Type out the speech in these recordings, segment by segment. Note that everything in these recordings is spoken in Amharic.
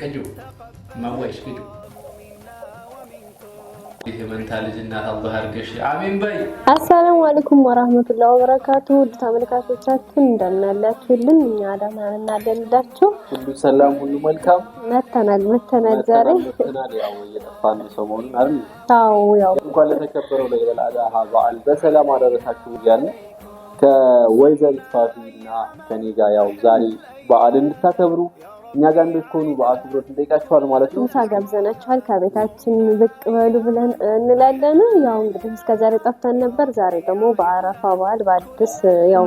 ቅጁ ማዋይሽ ቅጁ አሰላሙ አለይኩም ወራህመቱላሂ ወበረካቱ። ውድ ተመልካቾቻችን እንደምን እኛ ደህና ነን አለንላችሁ። ሁሉ ሰላም፣ ሁሉ መልካም። መተናል መተናል ዛሬ ያው ሰሞኑን አይደል? አዎ ያው እንኳን ለተከበረው ለኢድ አል አድሃ በዓል በሰላም አደረሳችሁ እያልን ከወይዘሪት ፋቱ እና ከኔ ጋር ያው ዛሬ በዓል እንድታከብሩ እኛ ጋር እንድትሆኑ በአክብሮት እንጠይቃችኋል ማለት ነው። ምሳ ጋብዘናችኋል። ከቤታችን ብቅ በሉ ብለን እንላለን። ያው እንግዲህ እስከዛሬ ጠፍተን ነበር። ዛሬ ደግሞ በአረፋ በዓል በአዲስ ያው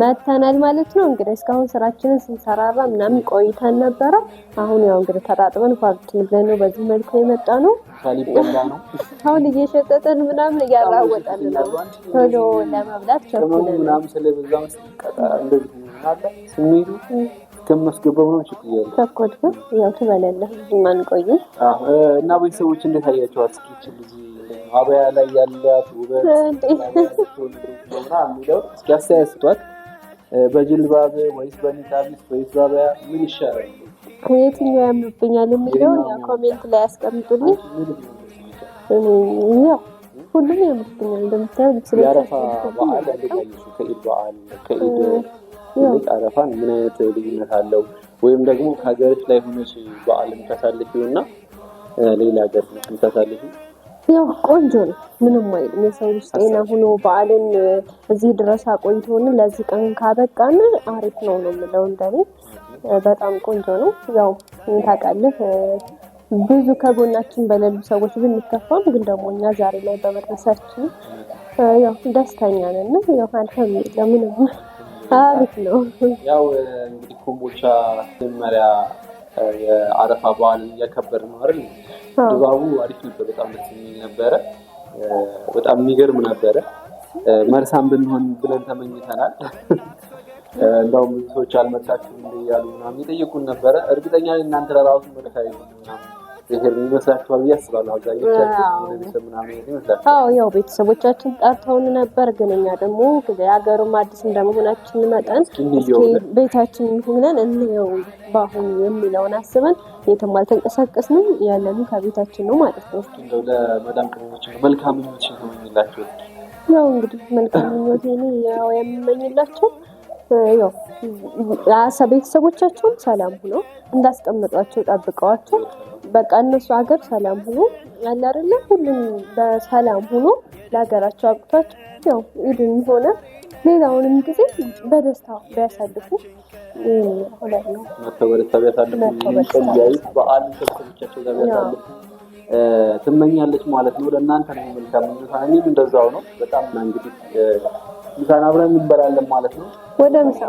መተናል ማለት ነው። እንግዲህ እስካሁን ስራችንን ስንሰራራ ምናምን ቆይተን ነበረ። አሁን ያው እንግዲህ ተጣጥበን ኳርቲን ብለን ነው በዚህ መልኩ የመጣ ነው። አሁን እየሸጠጠን ምናምን እያራወጠን ነው። ቶሎ ለመብላት ቸኩለን ምናምን ስለበዛ እንደዚህ ስሜቱ ከመስገባው ነው ችግር ተኮድኩ ያው ትበላለህ ማንቆይ እና ቤተሰቦች እንዴት አያቸው አስኪች ልጅ አበያ ላይ ያላት ውበት እንዴት ነው የሚለው እስኪ አስተያየት ስጧት። በጅልባብ ወይስ በኒቃቢስ ወይስ ባበያ ምን ይሻላል? ከየትኛው ያምርብኛል የሚለውን ኮሜንት ላይ ያስቀምጡልኝ። ሁሉም ያምርብኛል እንደምታየው ልብስ የአረፋ በዓል እንዴት ከኢድ በዓል ከኢድ ይልቅ አረፋን ምን አይነት ልዩነት አለው? ወይም ደግሞ ከሀገርሽ ላይ ሆነች በዓል የምታሳልፊው እና ሌላ ሀገር የምታሳልፊው ያው ቆንጆ ነው፣ ምንም አይልም። የሰው ልጅ ጤና ሆኖ በዓልን እዚህ ድረስ አቆይቶን ለዚህ ቀን ካበቃን አሪፍ ነው ነው የምለው። እንደኔ በጣም ቆንጆ ነው። ያው ታውቃለህ ብዙ ከጎናችን በሌሉ ሰዎች ብንከፋም ግን ደግሞ እኛ ዛሬ ላይ በመድረሳችን ያው ደስተኛ ነን። ያው አልሐምዱሊላህ ምንም አሪፍ ነው። ያው እንግዲህ ኮምቦቻ መጀመሪያ የአረፋ በዓል እያከበር ነው አይደል? ድባቡ አሪፍ ነበር። በጣም ደስ የሚል ነበረ። በጣም የሚገርም ነበረ። መርሳም ብንሆን ብለን ተመኝተናል። እንደውም ብዙ ሰዎች አልመጣችሁም እያሉ ምናምን የጠየቁን ነበረ። እርግጠኛ እናንተ ለራሱ መልካ መለካ ነገር ይመስላችኋል ብዬ አስባለሁ። አብዛኞቻችን ምናምን ያው ቤተሰቦቻችን ጠርተውን ነበር፣ ግን እኛ ደግሞ የሀገሩም አዲስ እንደመሆናችን መጠን ቤታችን ሆነን እንየው በአሁኑ የሚለውን አስበን የትም አልተንቀሳቀስንም፣ ያለንም ከቤታችን ነው ማለት ነው። ለመዳም ቅሞች መልካም ምኞች ነው ያው እንግዲህ መልካም ምኞት ያው የምመኝላቸው ቤተሰቦቻቸውም ሰላም ሁኖ እንዳስቀምጧቸው ጠብቀዋቸው በቃ እነሱ ሀገር ሰላም ሁኖ ያለ ሁሉም በሰላም ሁኖ ለሀገራቸው አብቅቷቸው ያው ኢድን ሆነ ሌላውንም ጊዜ በደስታ ቢያሳልፉ ትመኛለች ማለት ነው። ለእናንተ ነው መልካም ምኞታ። እንደዛው ነው። በጣም እንግዲህ ምሳን አብረን እንበላለን ማለት ነው። ወደ ምሳ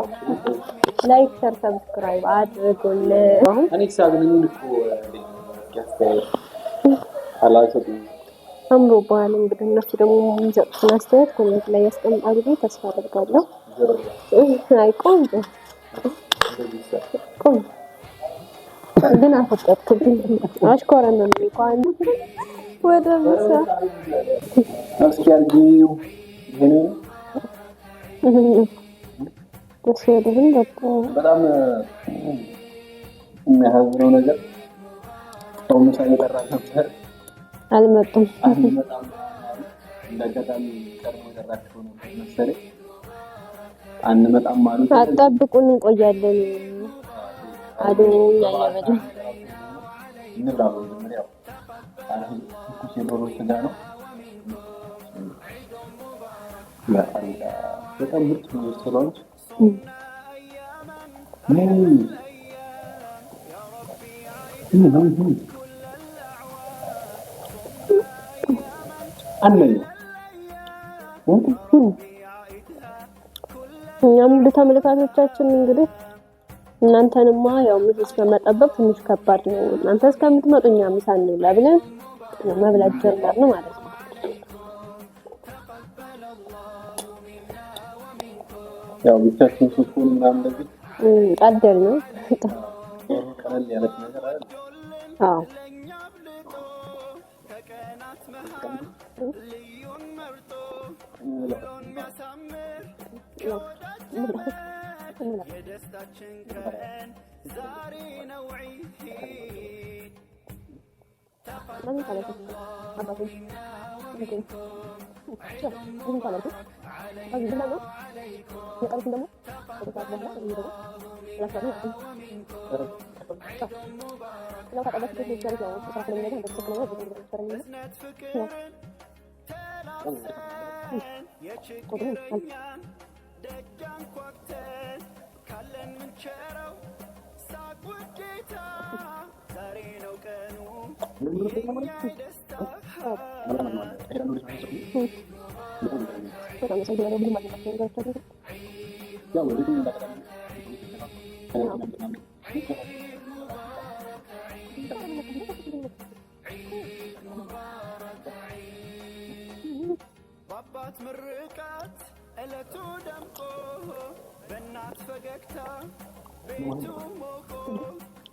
ላይክ፣ ሸር፣ ሰብስክራይብ አድርጉልን። እኔ ሳግን ምን ልኩ አምሮ በኋላ እንግዲህ እነሱ ደግሞ የሚሰጡትን አስተያየት ኮሜንት ላይ ያስቀምጣሉ ብዬ ተስፋ አደርጋለሁ። አይ ቆንጆ ቆንጆ ግን አፈጠጥኩብኝ። አሽኮረን ነው የሚቋን ወደ ምሳ እስኪ አርጊው ይሄንን ደስ ይለኝ በጣም የሚያሳዝነው ነገር ሰው ምሳ እየጠራ ነበር፣ አልመጡም። እንዳጋጣሚ ቀድሞ የጠራቸው ነበር መሰለኝ። አንመጣም አሉ። አጠብቁን እንቆያለን አሉ። ያለበለ እንብላ መጀመሪያ ትኩስ የዶሮ ስጋ ነው። በጣም ምርጥ ነው ሬስቶራንት። እኛም ውድ ተመልካቾቻችን እንግዲህ እናንተንማ ያው ምሳ እስከመጠበቅ ትንሽ ከባድ ነው። እናንተ እስከምትመጡ እኛ ምሳ እንብላ ብለን መብላት ጀመርን ማለት ነው። ያው ብቻችን ስኩል ምናምን ነገር ቀደል ነው። ቀለል ያለች ነገር አይደል? የደስታችን ቀን ዛሬ ነው። Bukan color sih. Apa sih? oke Siap. Bukan color sih. Pagi benda Ya kan benda mau Satu saat benda ini gitu. Last one aku. Kenapa ada sedikit dari jauh? Sekarang ini aja hampir sekelima gitu. ini. Ya. Kok ini? menurut masuk yang ya ምርቃት እለቱ ደምቆ በእናት ፈገግታ ቤቱ ሞቆ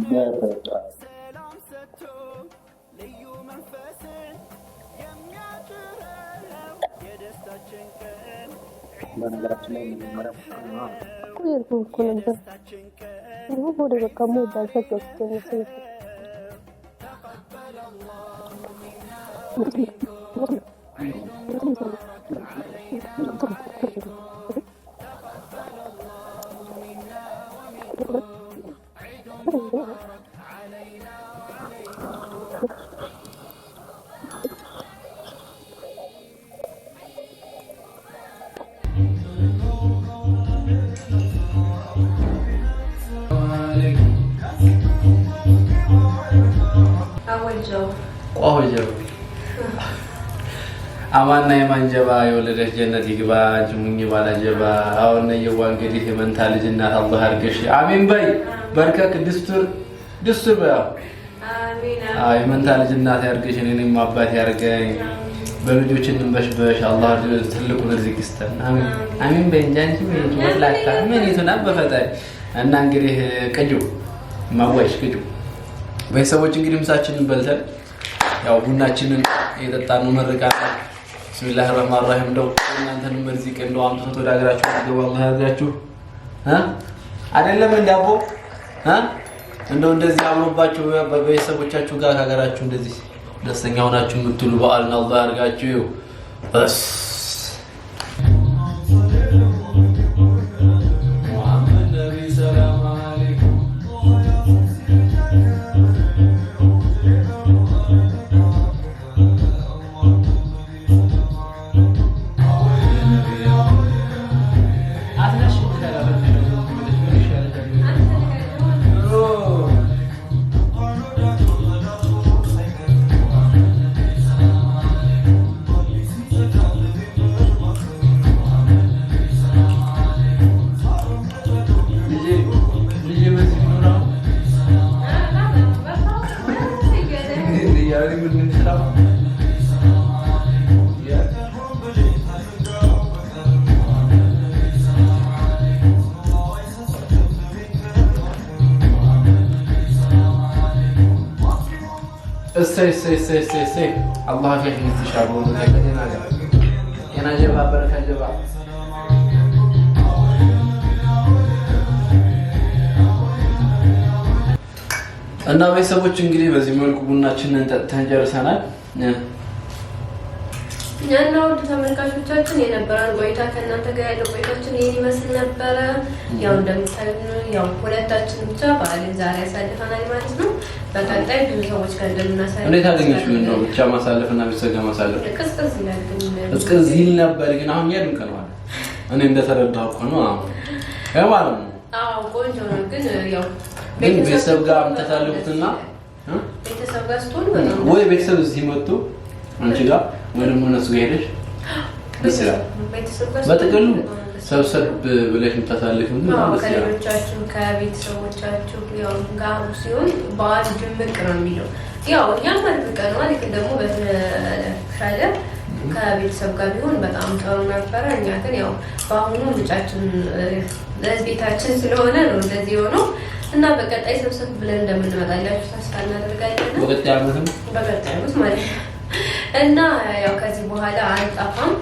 Дебет. በነገራችን ላይ መጀመሪያ ቁጭ እኮ ነበር ወደ በቃ ሞባይል ሰገስቶ ነው ሆጀሩ አማና የማንጀባ የወለደች ጀነት ይግባ ጅሙኝ ባላጀባ አሁነ የዋ እንግዲህ የመንታ ልጅ እናት አላህ አድርገሽ አሜን በይ። በርከክ ድስቱር ድስቱር በያ የመንታ ልጅ እናት ያድርገሽ፣ እኔንም አባት ያድርገኝ። በልጆች እንበሽበሽ አላህ ትልቁን ርዝቅ ይስጠን። አሜን አሜን በይ እንጂ አንቺ ምን ይቱና በፈጣይ እና እንግዲህ ቅጁ ማዋይሽ ቅጁ ቤተሰቦች እንግዲህ ምሳችንን በልተን ያው ቡናችንን የጠጣን ነው። መርቃና ብስሚላህ ረህማን ረሂም። እንደው እናንተን መርዚቅ እንደው አምጥቶት ወደ ሀገራችሁ ገባ አላህ ያዛችሁ አይደለም እንዳቦ እንደው እንደዚህ አምሮባችሁ በቤተሰቦቻችሁ ጋር ከሀገራችሁ እንደዚህ ደስተኛ ሆናችሁ የምትሉ በዓልን አላህ ያርጋችሁ። እሰይ እሰይ እሰይ እሰይ እሰይ አላህ ሸሽነት ይሻበው ተቀደና ጋር የና ጀባ በረካ ጀባ እና ቤተሰቦች እንግዲህ በዚህ መልኩ ቡናችንን ጠጥተን ጨርሰናል። እኛና ውድ ተመልካቾቻችን የነበረን ቆይታ ከእናንተ ጋር ያለው ቆይታችን ይህን ይመስል ነበረ። ያው እንደምታዩ ያው ሁለታችን ብቻ በዓልን ዛሬ ያሳልፈናል ማለት ነው። በቀጣይ ብዙ ሰዎች ጋር እንደምናሳልፍ እንዴት አገኘሽ? ምን ነው ብቻ ማሳለፍ እና ቤተሰብ ጋር ማሳለፍ ቅዝቅዝ ይል ነበር፣ ግን አሁን ድንቅ ነው አለ። እኔ እንደተረዳሁ እኮ ነው አሁን ያው ማለት ነው። አዎ ቆንጆ ነው፣ ግን ያው ቤተሰብ ጋር የምታሳልፉትና ቤተሰብ ጋር ስትሆን ወይ ቤተሰብ እዚህ መጥቶ አንቺ ጋር ወይ ደግሞ እነሱ ጋር ሄደሽ ይችላል በጥቅሉ ሰብሰብ ብለሽ የምታሳልፍ ከሌሎቻችሁ ከቤተሰቦቻችሁ ጋሩ ሲሆን በዓል ድምቅ ነው የሚለው ያው እኛም አድምቀ ማለት ልክ ደግሞ በተሻለ ከቤተሰብ ጋር ቢሆን በጣም ጥሩ ነበረ። እኛ ግን ያው በአሁኑ ምጫችን ቤታችን ስለሆነ ነው እንደዚህ የሆነው እና በቀጣይ ሰብሰብ ብለን እንደምንመጣላችሁ ተስፋ እናደርጋለን። በቀጣይ ዓመት ማለት ነው እና ያው ከዚህ በኋላ አንጣፋም